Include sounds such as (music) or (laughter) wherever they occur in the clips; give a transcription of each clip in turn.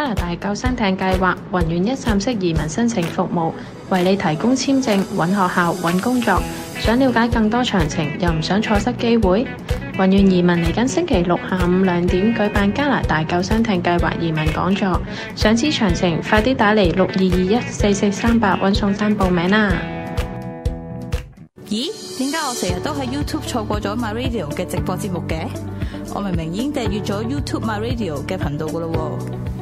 加拿大救生艇計劃雲願一站式移民申請服務，為你提供簽證、揾學校、揾工作。想了解更多詳情又唔想錯失機會，雲願移民嚟緊星期六下午兩點舉辦加拿大救生艇計劃移民講座。想知詳情，快啲打嚟六二二一四四三八揾宋生報名啦！咦？點解我成日都喺 YouTube 錯過咗 My Radio 嘅直播節目嘅？我明明已經訂閱咗 YouTube My Radio 嘅頻道噶啦喎！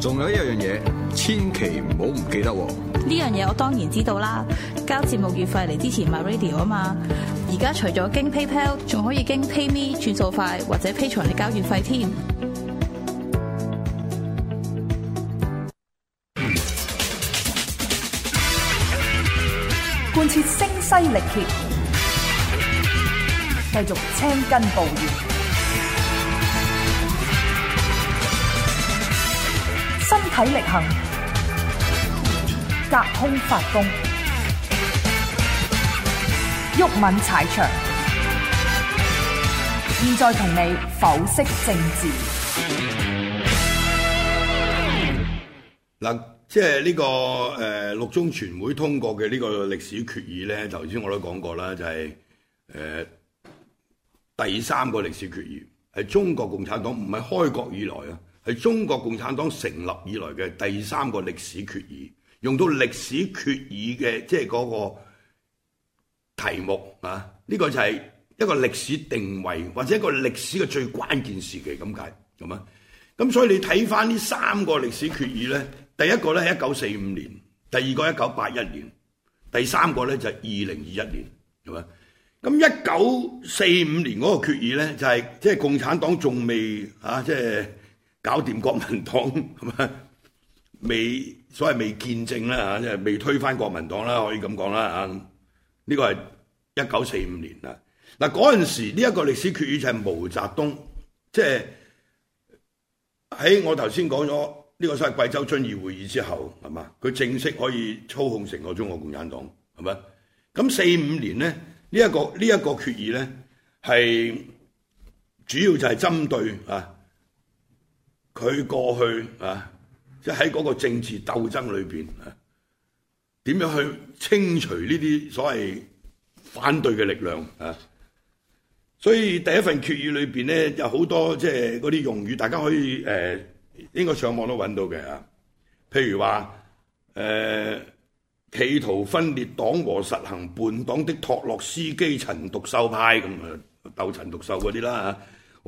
仲有一樣嘢，千祈唔好唔記得喎！呢樣嘢我當然知道啦，交節目月費嚟支持 MyRadio 啊嘛！而家除咗經 PayPal，仲可以經 PayMe 轉數快、或者 Patreon 嚟交月費添。貫徹聲嘶力竭，繼續青筋暴現。體力行，隔空發功，毓民踩場。現在同你剖析政治。嗱、這個，即係呢個誒六中全會通過嘅呢個歷史決議咧，頭先我都講過啦，就係、是、誒、呃、第三個歷史決議，係中國共產黨唔係開國以來啊。係中國共產黨成立以來嘅第三個歷史決議，用到歷史決議嘅即係嗰個題目啊！呢個就係一個歷史定位，或者一個歷史嘅最關鍵時期咁解咁啊！咁所以你睇翻呢三個歷史決議呢，第一個呢係一九四五年，第二個一九八一年，第三個呢就係二零二一年，係咪？咁一九四五年嗰個決議呢就係即係共產黨仲未啊，即係。搞掂國民黨，係咪？未，所謂未建政啦嚇，即係未推翻國民黨啦，可以咁講啦嚇。呢個係一九四五年啦。嗱嗰陣時呢一個歷史決議就係毛澤東，即係喺我頭先講咗呢個，所謂貴州遵義會議之後，係嘛？佢正式可以操控成個中國共產黨，係咪？咁四五年咧，呢一個呢一個決議呢，係主要就係針對啊。佢過去啊，即喺嗰個政治鬥爭裏邊啊，點樣去清除呢啲所謂反對嘅力量啊？所以第一份決議裏邊咧，有好多即係嗰啲用語，就是、大家可以誒、呃、應該上網都揾到嘅啊。譬如話誒、呃，企圖分裂黨和實行叛黨的托洛斯基陳獨秀派咁啊，鬥陳獨秀嗰啲啦嚇。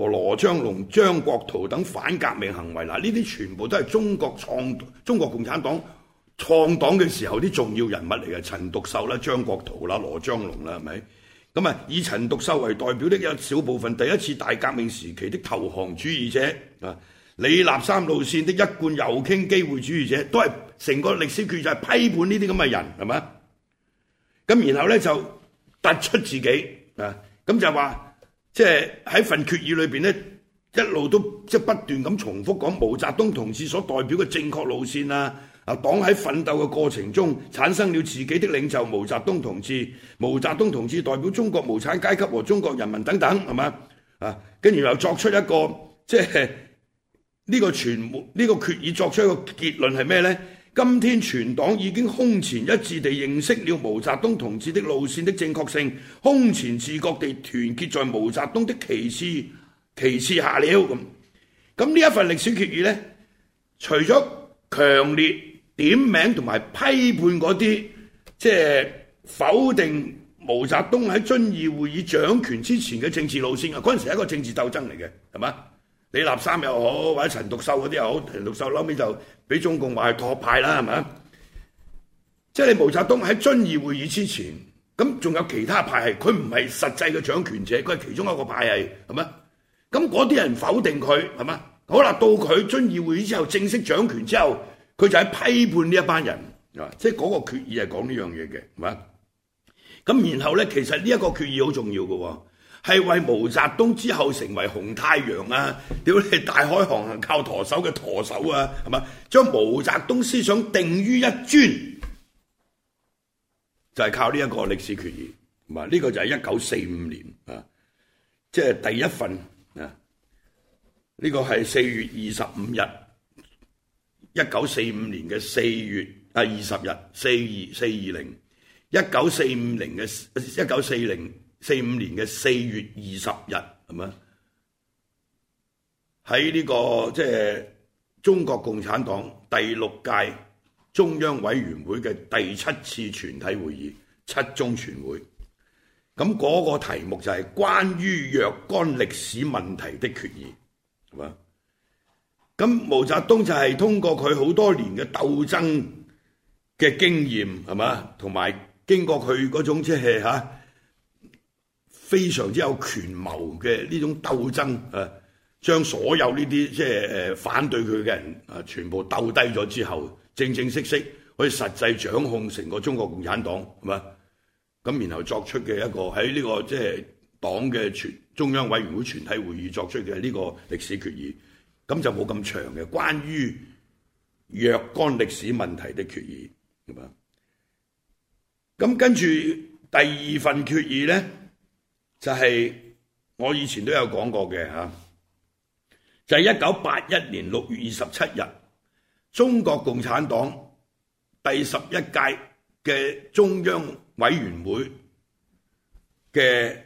和羅章龍、張國燾等反革命行為，嗱，呢啲全部都係中國創、中國共產黨創黨嘅時候啲重要人物嚟嘅，陳獨秀啦、張國燾啦、羅章龍啦，係咪？咁啊，以陳獨秀為代表的一小部分第一次大革命時期的投降主義者啊，李立三路線的一貫右傾機會主義者，都係成個歷史決議就係批判呢啲咁嘅人，係咪啊？咁然後呢，就突出自己啊，咁就話。即係喺份決議裏邊，咧，一路都即係不斷咁重複講毛澤東同志所代表嘅正確路線啊！啊，黨喺奮鬥嘅過程中產生了自己的領袖毛澤東同志，毛澤東同志代表中國無產階級和中國人民等等，係嘛啊？跟住又作出一個即係呢個全呢個決議作出一個結論係咩咧？今天全黨已經空前一致地認識了毛澤東同志的路線的正確性，空前自覺地團結在毛澤東的旗幟旗幟下了咁。咁呢一份歷史決議呢，除咗強烈點名同埋批判嗰啲即係否定毛澤東喺遵義會議掌權之前嘅政治路線啊，嗰陣時係一個政治鬥爭嚟嘅，係嘛？李立三又好，或者陳獨秀嗰啲又好，陳獨秀後屘就俾中共話係托派啦，係咪？即係你毛澤東喺遵義會議之前，咁仲有其他派系，佢唔係實際嘅掌權者，佢係其中一個派系，係咪？咁嗰啲人否定佢，係咪？好啦，到佢遵義會議之後，正式掌權之後，佢就喺批判呢一班人，啊，即係嗰個決議係講呢樣嘢嘅，係咪？咁然後咧，其實呢一個決議好重要嘅喎。係為毛澤東之後成為紅太陽啊！屌你大海航行靠舵手嘅舵手啊！係嘛，將毛澤東思想定於一尊，就係、是、靠呢一個歷史決議。唔、這、呢個就係一九四五年啊，即、就、係、是、第一份啊。呢、這個係四月二十五日，一九四五年嘅四月啊二十日，四二四二零，一九四五零嘅一九四零。四五年嘅四月二十日，係嘛？喺呢個即係、就是、中國共產黨第六屆中央委員會嘅第七次全體會議，七中全會。咁、那、嗰個題目就係關於若干歷史問題的決議，係嘛？咁毛澤東就係通過佢好多年嘅鬥爭嘅經驗，係嘛？同埋經過佢嗰種即係嚇。非常之有權謀嘅呢種鬥爭，誒、啊，將所有呢啲即係反對佢嘅人啊，全部鬥低咗之後，正正式式可以實際掌控成個中國共產黨，係咪？咁然後作出嘅一個喺呢、這個即係、就是、黨嘅全中央委員會全體會議作出嘅呢個歷史決議，咁就冇咁長嘅關於若干歷史問題的決議，係咪？咁跟住第二份決議呢。就係我以前都有講過嘅嚇，就係一九八一年六月二十七日，中國共產黨第十一屆嘅中央委員會嘅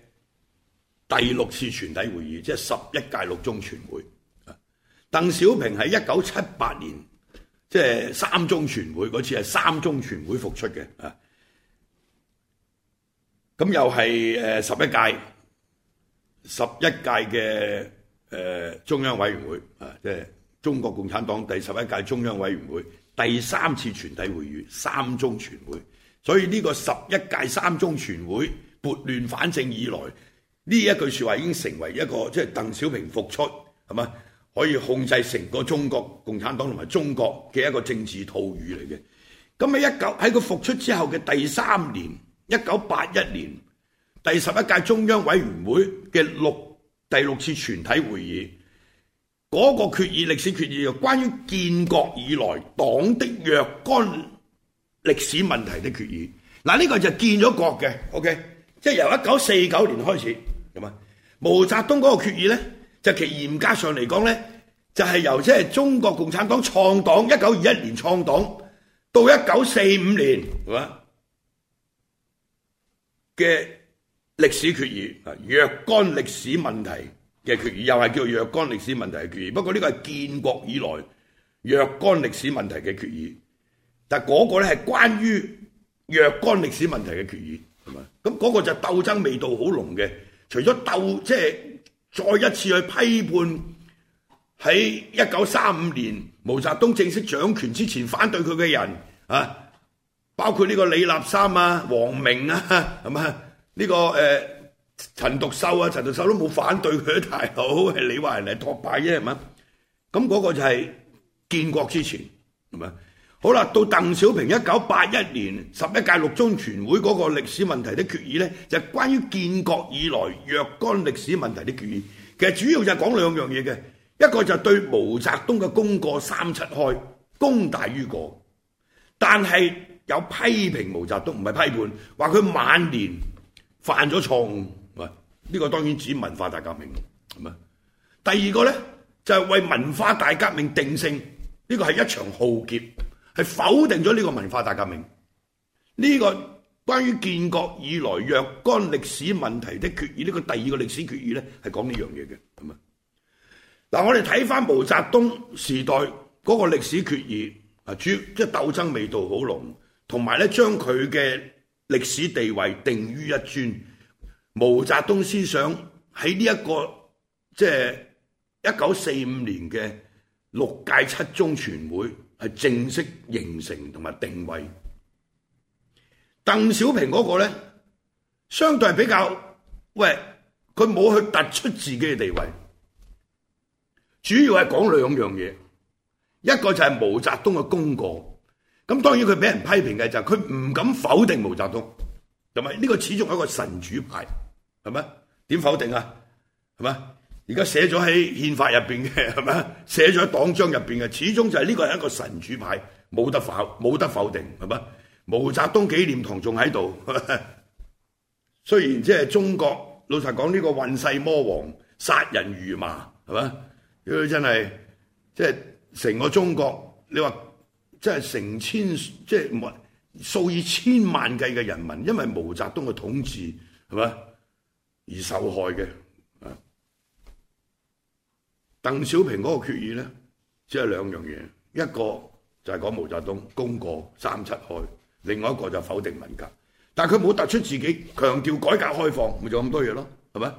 第六次全體會議，即係十一屆六中全會。鄧小平喺一九七八年，即係三中全會嗰次係三中全會復出嘅啊。咁又係十一屆十一屆嘅、呃、中央委員會啊，即係中國共產黨第十一屆中央委員會第三次全體會議，三中全會。所以呢個十一屆三中全會撥亂反正以來，呢一句說話已經成為一個即係、就是、鄧小平復出係嘛，可以控制成個中國共產黨同埋中國嘅一個政治套語嚟嘅。咁喺一九喺佢復出之後嘅第三年。一九八一年第十一屆中央委員會嘅六第六次全體會議，嗰個決議歷史決議就關於建國以來黨的若干歷史問題的決議。嗱，呢個就建咗國嘅 OK？即係由一九四九年開始。咁啊，毛澤東嗰個決議呢就其嚴格上嚟講呢就係由即係中國共產黨創黨一九二一年創黨到一九四五年，係嘛。嘅歷史決議，若干歷史問題嘅決議，又係叫若干歷史問題嘅決議，不過呢個係建國以來若干歷史問題嘅決議，但嗰個咧係關於若干歷史問題嘅決議，係嘛？咁嗰個就鬥爭味道好濃嘅，除咗鬥，即係再一次去批判喺一九三五年毛澤東正式掌權之前反對佢嘅人啊。包括呢個李立三啊、王明啊，係嘛？呢個誒陳獨秀啊、陳獨秀都冇反對佢太好，係你話人嚟托派啫，係嘛？咁嗰個就係建國之前，係嘛？好啦，到鄧小平一九八一年十一屆六中全會嗰個歷史問題的決議咧，就係關於建國以來若干歷史問題的決議。其實主要就係講兩樣嘢嘅，一個就係對毛澤東嘅功過三七開，功大於過，但係，有批評毛澤東唔係批判，話佢晚年犯咗錯誤。唔係呢個當然指文化大革命。係咪？第二個咧就係為文化大革命定性，呢個係一場浩劫，係否定咗呢個文化大革命。呢個關於建國以來若干歷史問題的決議，呢個第二個歷史決議咧係講呢樣嘢嘅。係咪？嗱，我哋睇翻毛澤東時代嗰個歷史決議啊，主即係鬥爭味道好濃。同埋咧，將佢嘅歷史地位定於一尊，毛澤東思想喺呢一個即係一九四五年嘅六屆七中全會係正式形成同埋定位。鄧小平嗰個咧，相對比較，喂，佢冇去突出自己嘅地位，主要係講兩樣嘢，一個就係毛澤東嘅功過。咁當然佢俾人批評嘅就係佢唔敢否定毛澤東，同埋呢個始終係一個神主牌，係咪？點否定啊？係咪？而家寫咗喺憲法入面嘅係咪？寫咗喺黨章入面嘅，始終就係呢個係一個神主牌，冇得否冇得否定係咪？毛澤東紀念堂仲喺度， (laughs) 雖然即係中國老實講呢個混世魔王殺人如麻係咪？呢個、真係即係成個中國，你話？即係成千，即係數以千萬計嘅人民，因為毛澤東嘅統治係咪，而受害嘅？啊，鄧小平嗰個決議咧，只係兩樣嘢，一個就係講毛澤東功過三七開，另外一個就是否定文革，但係佢冇突出自己，強調改革開放，咪就咁多嘢咯，係咪？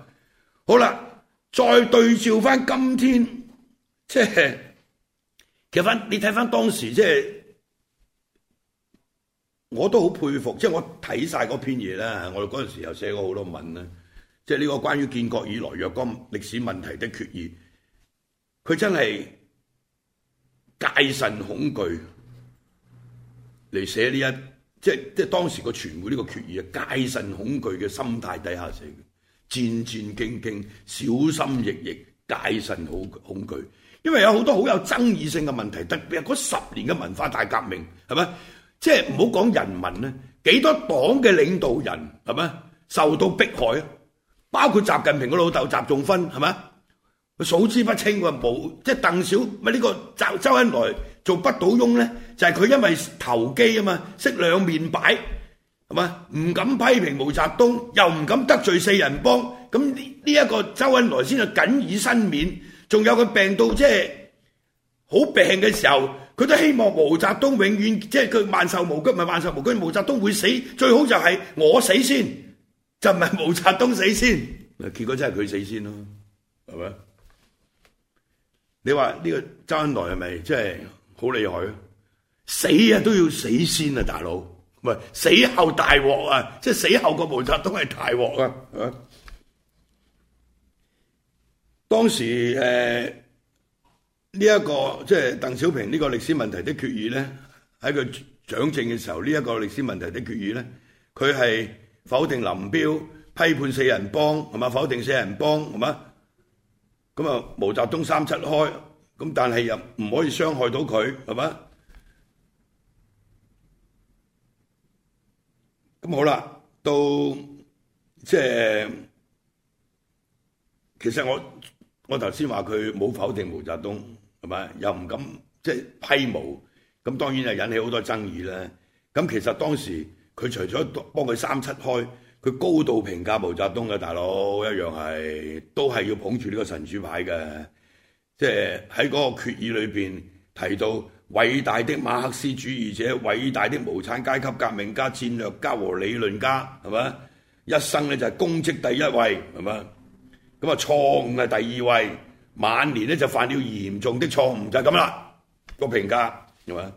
好啦，再對照翻今天即係。睇翻你睇翻當時即係，我都好佩服，即係我睇晒嗰篇嘢啦。我哋嗰陣時又寫過好多文啦，即係呢個關於建國以來若干歷史問題的決議，佢真係戒慎恐懼嚟寫呢一，即係即係當時個傳媒呢個決議啊，戒慎恐懼嘅心態底下寫嘅，戰戰兢兢、小心翼翼、戒慎好恐懼。因為有好多好有爭議性嘅問題，特別係嗰十年嘅文化大革命，係咪？即係唔好講人民咧，幾多黨嘅領導人係咪受到迫害？包括習近平個老豆習仲勳係咪？佢數之不清佢冇即係鄧小咪呢、這個周周恩來做不倒翁咧，就係、是、佢因為投機啊嘛，識兩面擺係咪？唔敢批評毛澤東，又唔敢得罪四人幫，咁呢一個周恩來先係僅以身免。仲有佢病到即係好病嘅時候，佢都希望毛澤東永遠即係佢萬壽無疆，唔係萬壽無疆。毛澤東會死，最好就係我死先，就唔係毛澤東死先。結果真係佢死先咯，係咪？你話呢個周恩來係咪即係好厲害啊，死啊都要死先啊，大佬，唔係死後大鑊啊！即係死後個毛澤東係大鑊啊！啊！當時誒呢一個即係鄧小平呢個歷史問題的決議咧，喺佢掌政嘅時候呢一個歷史問題的決議咧，佢係否定林彪、批判四人幫，係嘛，否定四人幫，係嘛咁啊，毛澤東三七開，咁但係又唔可以傷害到佢，係嘛，咁好啦，到即係其實我。我頭先話佢冇否定毛澤東，係咪？又唔敢即係、就是、批毛，咁當然就引起好多爭議啦。咁其實當時佢除咗幫佢三七開，佢高度評價毛澤東嘅大佬一樣係，都係要捧住呢個神主牌嘅。即係喺嗰個決議裏邊提到偉大的馬克思主義者、偉大的無產階級革命家、戰略家和理論家，係咪？一生咧就係功績第一位，係咪？咁啊，錯誤係第二位，晚年咧就犯了嚴重的錯誤就咁啦，個評價係嘛？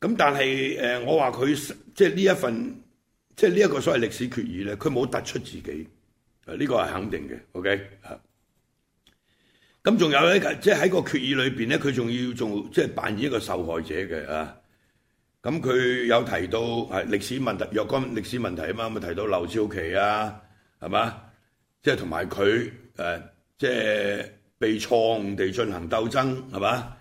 咁但係誒，我話佢即係呢一份，即係呢一個所謂歷史決議咧，佢冇突出自己，呢個係肯定嘅。OK 嚇。咁仲有咧，即係喺個決議裏邊咧，佢仲要做即係扮演一個受害者嘅啊。咁佢有提到係歷史問題，若干歷史問題啊嘛，咪提到劉少奇啊，係嘛？即係同埋佢誒，即係被錯誤地進行鬥爭，係嘛？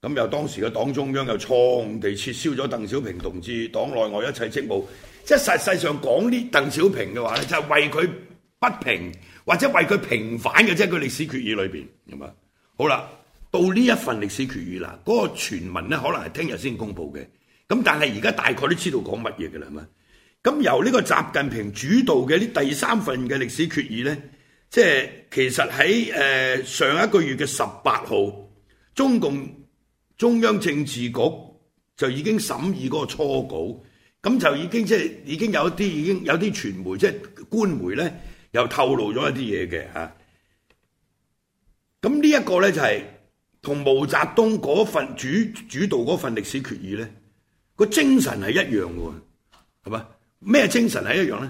咁又當時嘅黨中央又錯誤地撤銷咗鄧小平同志黨內外一切職務，即係實際上講呢鄧小平嘅話咧，就係為佢不平，或者為佢平反嘅，即係佢歷史決議裏邊，明嘛。好啦，到呢一份歷史決議啦，嗰個傳聞咧，可能係聽日先公佈嘅。咁但係而家大概都知道講乜嘢嘅啦，係嘛？咁由呢個習近平主導嘅呢第三份嘅歷史決議呢，即係其實喺誒上一個月嘅十八號，中共中央政治局就已經審議嗰個初稿，咁就已經即係已經有啲已經有啲傳媒即係、就是、官媒呢，又透露咗一啲嘢嘅嚇。咁呢一個呢，就係同毛澤東嗰份主主導嗰份歷史決議呢。個精神係一樣喎，係嘛？咩精神係一樣咧？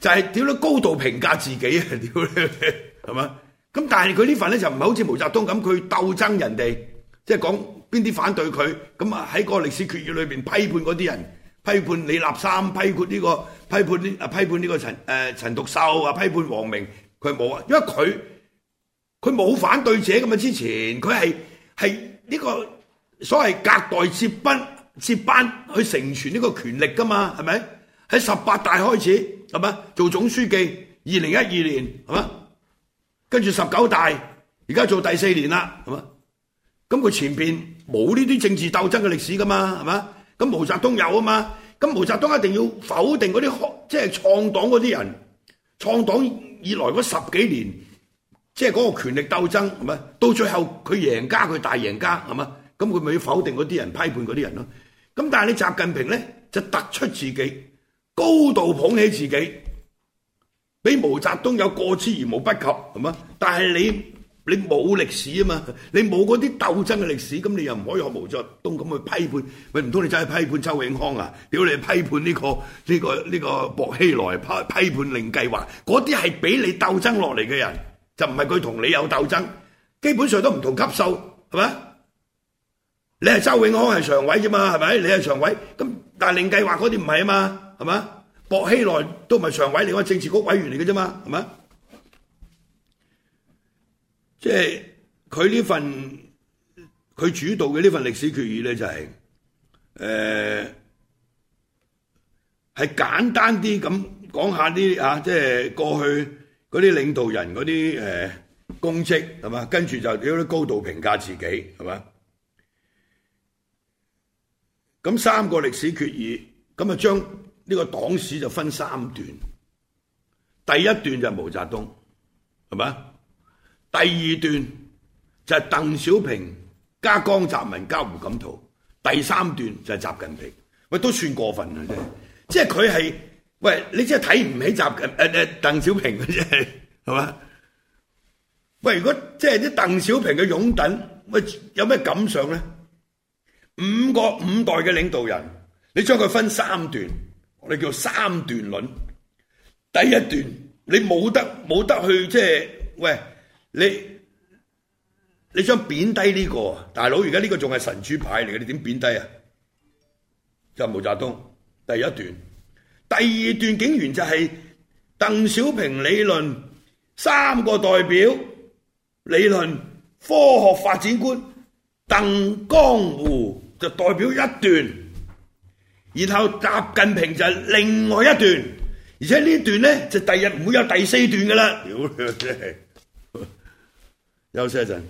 就係點樣高度評價自己啊！屌係嘛？咁但係佢呢份咧就唔係好似毛澤東咁，佢鬥爭人哋，即係講邊啲反對佢，咁啊喺嗰個歷史決議裏邊批判嗰啲人，批判李立三，批判呢、這個批判啊、這個、批判呢個陳誒陳獨秀啊，批判王明，佢冇啊，因為佢佢冇反對者咁啊。之前佢係係呢個所謂隔代接班。接班去承傳呢個權力噶嘛，係咪？喺十八大開始，係嘛？做總書記，二零一二年，係嘛？跟住十九大，而家做第四年啦，係嘛？咁佢前邊冇呢啲政治鬥爭嘅歷史噶嘛，係嘛？咁毛澤東有啊嘛？咁毛澤東一定要否定嗰啲即係創黨嗰啲人，創黨以來嗰十幾年，即係嗰個權力鬥爭，係嘛？到最後佢贏家，佢大贏家，係嘛？咁佢咪要否定嗰啲人，批判嗰啲人咯。咁但係你習近平咧就突出自己，高度捧起自己，俾毛澤東有過之而無不及，係嘛？但係你你冇歷史啊嘛，你冇嗰啲鬥爭嘅歷史，咁你又唔可以學毛澤東咁去批判。喂，唔通你走去批判周永康啊？屌你去批判呢個呢個呢個薄熙來批批判令計劃嗰啲，係俾你鬥爭落嚟嘅人，就唔係佢同你有鬥爭，基本上都唔同級數係咪？你係周永康係常委啫嘛，係咪？你係常委，咁但係令計劃嗰啲唔係啊嘛，係咪啊？薄熙來都唔係常委，你話政治局委員嚟嘅啫嘛，係咪啊？即係佢呢份佢主導嘅呢份歷史決議咧，就係誒係簡單啲咁講下啲啊，即係過去嗰啲領導人嗰啲誒功績係嘛，跟住就要啲高度評價自己係嘛。咁三個歷史決議，咁啊將呢個黨史就分三段。第一段就係毛澤東，係嘛？第二段就係鄧小平加江澤民加胡錦濤，第三段就係習近平。喂，都算過分啦，即係佢係喂，你真係睇唔起習近誒誒、呃呃、鄧小平嘅啫，係嘛？喂，如果即係啲鄧小平嘅擁躉，喂有咩感想咧？五個五代嘅領導人，你將佢分三段，我哋叫三段論。第一段你冇得冇得去即係喂你，你想貶低呢個大佬？而家呢個仲係神主牌嚟嘅，你點貶低啊？就係毛澤東第一段，第二段竟然就係鄧小平理論、三個代表理論、科學發展觀、鄧江湖。就代表一段，然後習近平就係另外一段，而且這段呢段咧就第日唔會有第四段噶啦 (laughs) 休息一陣。